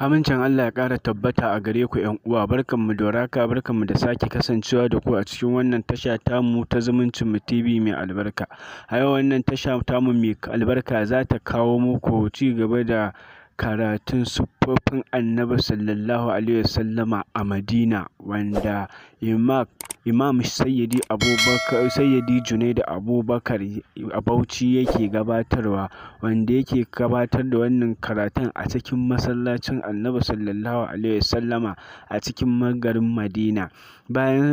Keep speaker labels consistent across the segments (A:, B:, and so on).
A: Amincin Allah ya ƙara tabbata a gare ku yan uwa. Barkanmu da barkan barkanmu da sake kasancewa da ku a cikin wannan tasha tamu ta zumuncin mu TV mai albarka. A yau wannan tasha tamu mai albarka za ta kawo muku ci gaba da karatun siffofin Annabi wasallama a Madina, wanda Imam Sayyidi Junaidu Abubakar Bauchi yake gabatarwa, wanda yake gabatar da wannan karatun a cikin masallacin Annabi wasallama a cikin magarin Madina, bayan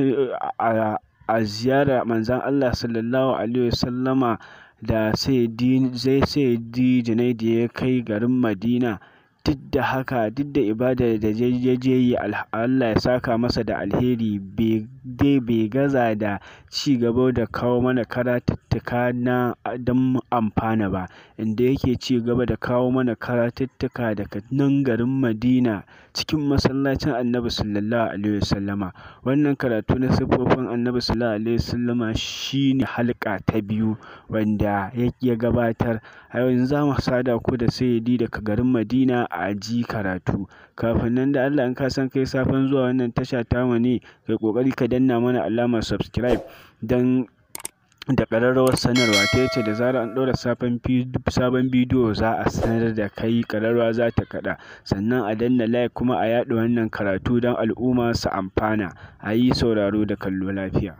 A: a ziyara manzan Allah sallallahu alaihi wasallama da sai di da ya kai garin Madina. Duk da haka, duk da ibada da ya je yi (Allah ya saka masa da alheri) bai dai bai gaza da ci gaba da kawo mana karatuttuka don dan amfana ba, inda yake ci gaba da kawo mana karatuttuka daga nan garin Madina cikin masallacin Annabi Sallallahu Alaihi Wasallama. Wannan karatu na siffofin Annabi Sallallahu Alaihi Wasallama shi ne ta biyu wanda ya gabatar. A yanzu za mu sada ku da sayyidi daga garin Madina a ji karatu. Kafin nan da Allah in ka san kai safen zuwa wannan tasha tamu ne, kai ƙoƙari ka danna mana alamar subscribe don da ƙararrawar sanarwa ta yace da zarar an ɗora sabon bidiyo za a sanar da kai ƙararrawa za ta kaɗa sannan a danna like kuma a yaɗa wannan karatu don al'umma su amfana a yi sauraro da kallo lafiya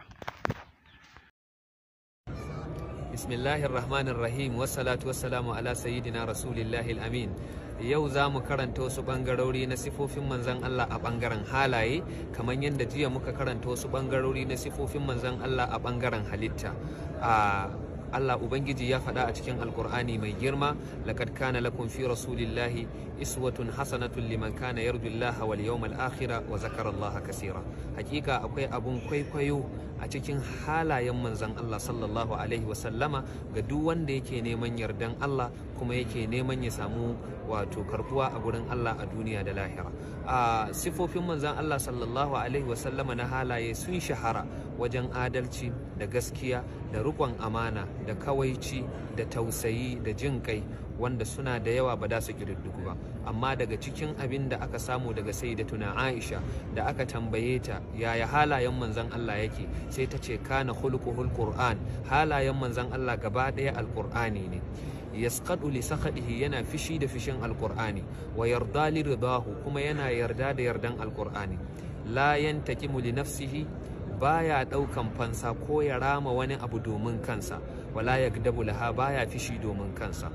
B: bismillahir rahmanir rahim wassalatu wassalamu ala sayyidina rasulillahi amin yau za mu karanta wasu bangarori na sifofin manzan Allah a bangaren halaye kamar yadda jiya muka karanta wasu bangarori na sifofin manzan Allah a bangaren halitta ah, Allah ubangiji ya faɗa a cikin alkur'ani mai girma laqad kana lakum fi rasulillahi iswatun hasanatun liman kana yarju wal yawmal akhir wa zakara Allah kaseera hakika akwai abun kwaikwayo a cikin halayen manzon Allah sallallahu alaihi wa sallama ga duk wanda yake neman yardan Allah kuma yake neman ya samu wato karbuwa a gurin Allah a duniya da lahira a sifofin manzon Allah sallallahu alaihi wa sallama na halaye sun shahara wajen adalci da gaskiya da rukon amana da kawaici da tausayi da jin kai wanda suna da yawa ba da su ƙididdigu ba amma daga cikin abin da aka samu daga sai da tuna aisha da aka tambaye ta yaya halayen manzan allah yake sai ta ce kana hulkuhul qur'an halayen manzan allah gaba ɗaya alkur'ani ne yasqadu li sakhadihi yana fishi da fishin alqur'ani wa yarda li kuma yana yarda da yardan alqur'ani la yantakimu li nafsihi baya ɗaukan fansa ko ya rama wani abu domin kansa wala yagdabu laha baya fishi domin kansa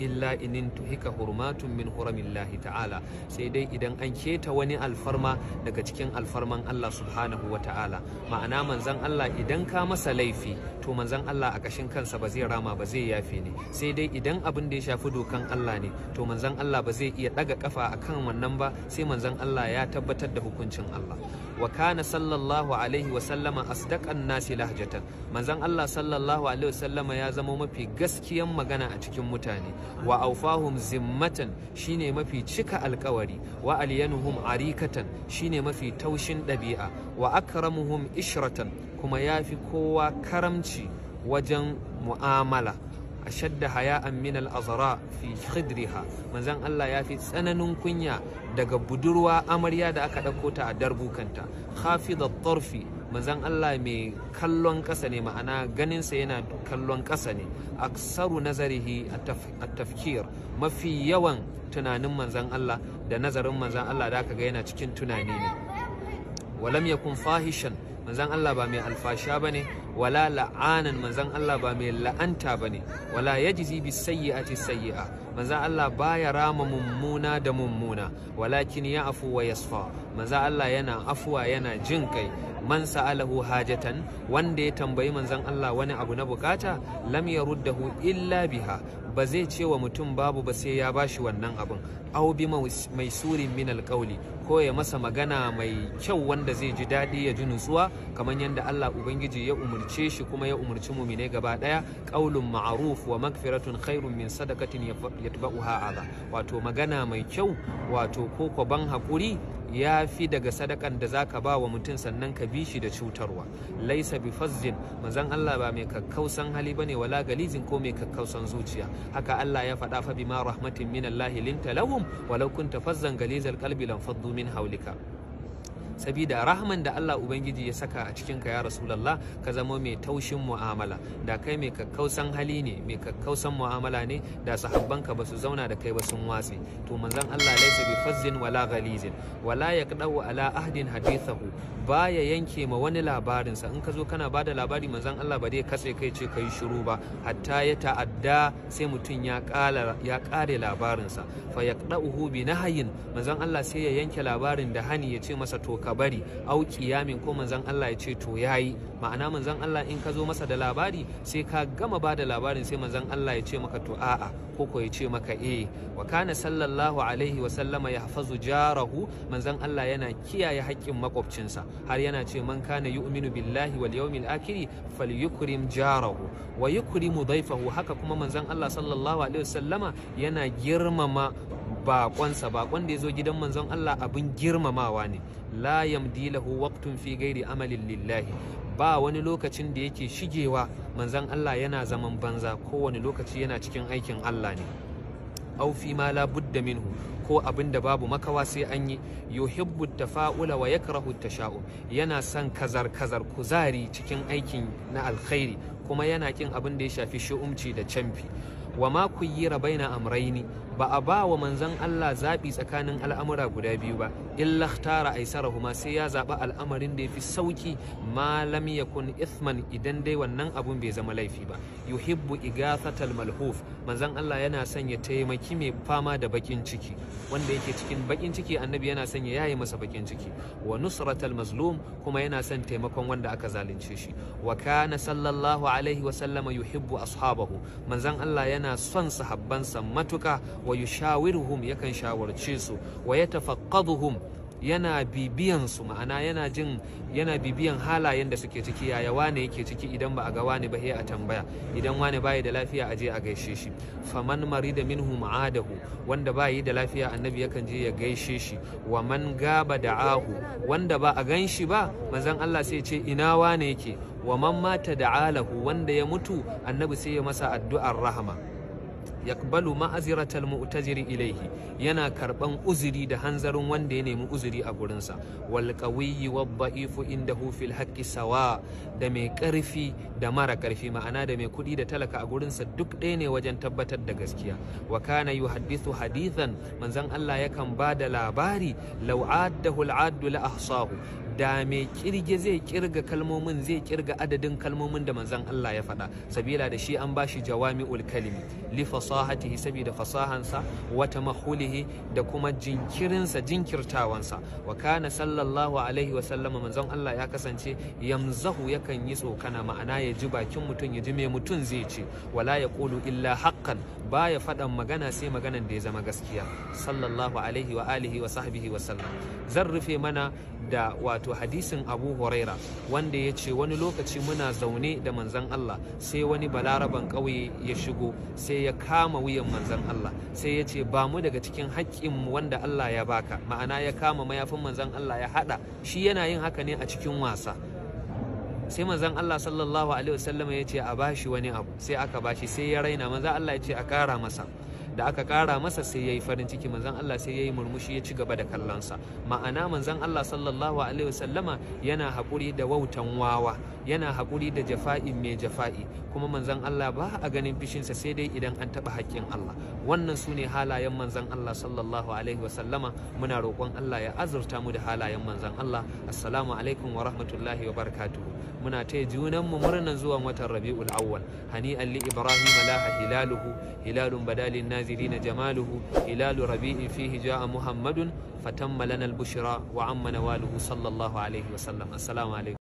B: illa inin tuhika hurmatun min huramillahi ta'ala sai dai idan an keta wani alfarma daga cikin alfarman Allah subhanahu wa ta'ala ma'ana manzan Allah idan ka masa laifi to manzan Allah a kashin kansa ba zai rama ba zai yafe ne sai dai idan abin da ya shafi dokan Allah ne to manzan Allah ba zai iya daga kafa akan wannan ba sai manzan Allah ya tabbatar da hukuncin Allah wa kana sallallahu alaihi wa sallama asdaqan nasi lahjatan manzan Allah sallallahu alaihi wa sallama ya zama mafi gaskiyan magana a cikin mutane wa aufahum zimmatan shine mafi cika alkawari wa alyanuhum arikatan shine mafi taushin ɗabi'a wa akramuhum ishratan kuma yafi kowa karamci wajen mu'amala ashadda haya'an min al-azra fi khidriha manzon Allah ya fi tsananin kunya daga budurwa amarya da aka ɗauko ta a darbukanta khafidat tarfi manzan Allah mai kallon ƙasa ne ma'ana ganinsa yana kallon ƙasa ne aksaru nazarihi a tafkir mafi yawan tunanin manzan Allah da nazarin manzan Allah da aka ga yana cikin tunani ne walam yakun fahishan manzan Allah ba mai alfasha ba ne. wala la'anan manzan Allah ba mai la'anta ba ne wala ya ji bi sayyi'ati sayyi'a manzan Allah baya rama mummuna da mummuna Wala walakin ya afu wa yasfa manzan Allah yana afuwa yana jin kai man sa'alahu hajatan wanda ya tambayi manzan Allah wani abu na bukata lam yaruddahu illa biha ba zai ce wa mutum babu ba sai ya ba shi wannan abin au bi mai surin min alƙauli ko ya masa magana mai kyau wanda zai ji daɗi ya ji nutsuwa kamar yadda Allah ubangiji ya umurci umarce shi kuma ya umarci mu mumine gaba daya qaulun ma'ruf wa magfiratun khairun min sadaqatin yatba'uha adha wato magana mai kyau wato ko kwaban hakuri ya fi daga sadakan da zaka ba wa mutum sannan ka bi shi da cutarwa laisa bi fazzin manzon Allah ba mai kakkausan hali bane wala galizin ko mai kakkausan zuciya haka Allah ya faɗa fa ma rahmatin min Allah linta lahum walau kunta fazzan galizal qalbi lan faddu min hawlika sabida rahman da Allah ubangiji ya saka a cikinka ka ya rasulallah ka zama mai taushin mu'amala da kai mai kakkausan hali ne mai kakkausan mu'amala ne da sahabbanka ba su zauna da kai ba sun watse to manzon Allah laisa bi fazzin wala ghalizin wala yaqdau ala ahdin hadithahu baya yanke ma wani labarin sa in ka zo kana bada labari manzon Allah ba dai katse kai ce kai shiru ba hatta ya ta'adda sai mutum ya kala ya kare labarin sa fa yaqdauhu bi nahyin manzon Allah sai ya yanke labarin da hani ya ce masa to ka bari au kiyamin ko manzon Allah ya ce to yayi ma'ana manzon Allah in ka zo masa da labari sai ka gama ba da labarin sai manzon Allah ya ce maka to a'a ko ko ya ce maka eh wa kana sallallahu alaihi wa sallama yahfazu jarahu manzon Allah yana kiyaye haƙƙin makwabcinsa har yana ce man kana yu'minu billahi wal yawmil akhir falyukrim jarahu wa yukrimu dayfahu haka kuma manzon Allah sallallahu alaihi wa sallama yana girmama baƙonsa baƙon da ya zo gidan manzon Allah abin girmamawa ne la yamdi lahu waqtun fi ghairi amalin lillahi ba wani lokacin da yake shigewa manzon Allah yana zaman banza Ko kowane lokaci yana cikin aikin Allah ne aw fi ma la budda minhu ko abin da babu makawa sai an yi yuhibbu tafa'ula wa yakrahu tasha'u yana son kazar kazar kuzari cikin aikin na alkhairi kuma yana kin abin da ya shafi shu'umci da camfi wa ma kuyyira baina amraini ba a ba wa manzon Allah zaɓi tsakanin al'amura guda biyu ba illa tara aisarahuma sai ya zaɓi al'amarin da yafi sauki ma lam yakun ithman idan dai wannan abun bai zama laifi ba yuhibbu igathatal malhuf manzon Allah yana son ya taimaki mai fama da bakin ciki wanda yake cikin bakin ciki annabi yana son ya masa bakin ciki wa nusratal mazlum kuma yana son taimakon wanda aka zalunce shi wa kana sallallahu alaihi wa sallama yuhibbu ashabahu manzon Allah yana yana son sahabbansa matuka wa yushawiruhum yakan shawarce su wa ya yatafaqaduhum yana bibiyan su ma'ana yana jin yana bibiyan halayen da suke ciki yaya wane yake ciki idan ba a ga wane ba sai a tambaya idan wane bayi da lafiya a je a gaishe shi faman marida minhu ma'adahu wanda yi da lafiya annabi yakan je ya gaishe shi wa man gaba da'ahu wanda ba a gan shi ba manzon Allah sai ce ina wane yake wa man mata da'alahu wanda ya mutu annabi sai ya masa addu'ar rahama yakbalu ma'aziratal mu'taziri ilaihi yana karban uzuri da hanzarin wanda ya nemi uzuri a gurinsa wal qawiyyi wad da'ifu indahu fil haqqi sawa da mai karfi da mara karfi ma'ana da mai kudi da talaka a gurinsa duk ɗaya ne wajen tabbatar da gaskiya wa kana yuhaddithu hadithan manzon Allah yakan ba da labari law addahu al la ahsahu da mai kirge zai kirga kalmomin zai kirga adadin kalmomin da manzon Allah ya faɗa sabila da shi an bashi jawami'ul kalimi li fasahatihi sabida fasahansa wa tamahulihi da kuma jinkirinsa jinkirtawansa wa kana sallallahu alaihi wa sallama manzon Allah ya kasance yamzahu yakan yi tsokana ma'ana ya ji bakin mutum ya ji mai mutum zai ce wala yaqulu illa haqqan baya faɗan magana sai maganan da ya zama gaskiya sallallahu alaihi wa alihi wa sahbihi wa sallam zan rufe mana da wato wato hadisin abu huraira wanda ya ce wani lokaci muna zaune da manzan allah sai wani balaraban kauye ya shigo sai ya kama wuyan manzan allah sai ya ce ba mu daga cikin haƙƙin wanda allah ya baka ma'ana ya kama mayafin manzan allah ya haɗa shi yana yin haka ne a cikin wasa sai manzan Allah sallallahu alaihi wasallam ya ce a bashi wani abu sai aka bashi sai ya raina maza Allah ya ce a kara masa da aka kara masa sai ya yi farin ciki manzan Allah sai ya yi murmushi ya ci gaba da kallonsa ma'ana manzan Allah sallallahu alaihi wasallama yana haƙuri da wautan wawa yana haƙuri da jafa'i mai jafa'i kuma manzan Allah ba a ganin fishinsa sai dai idan an taɓa haƙƙin Allah wannan su ne halayen manzan Allah sallallahu alaihi wasallama muna roƙon Allah ya azurta mu da halayen manzan Allah assalamu alaikum wa rahmatullahi wa barakatuh muna taya mu murnan zuwan watan rabi'ul awwal hani Ali ibrahim laha hilaluhu hilalun badalin nazi المنذرين جماله هلال ربيع فيه جاء محمد فتم لنا البشرى وعم نواله صلى الله عليه وسلم السلام عليكم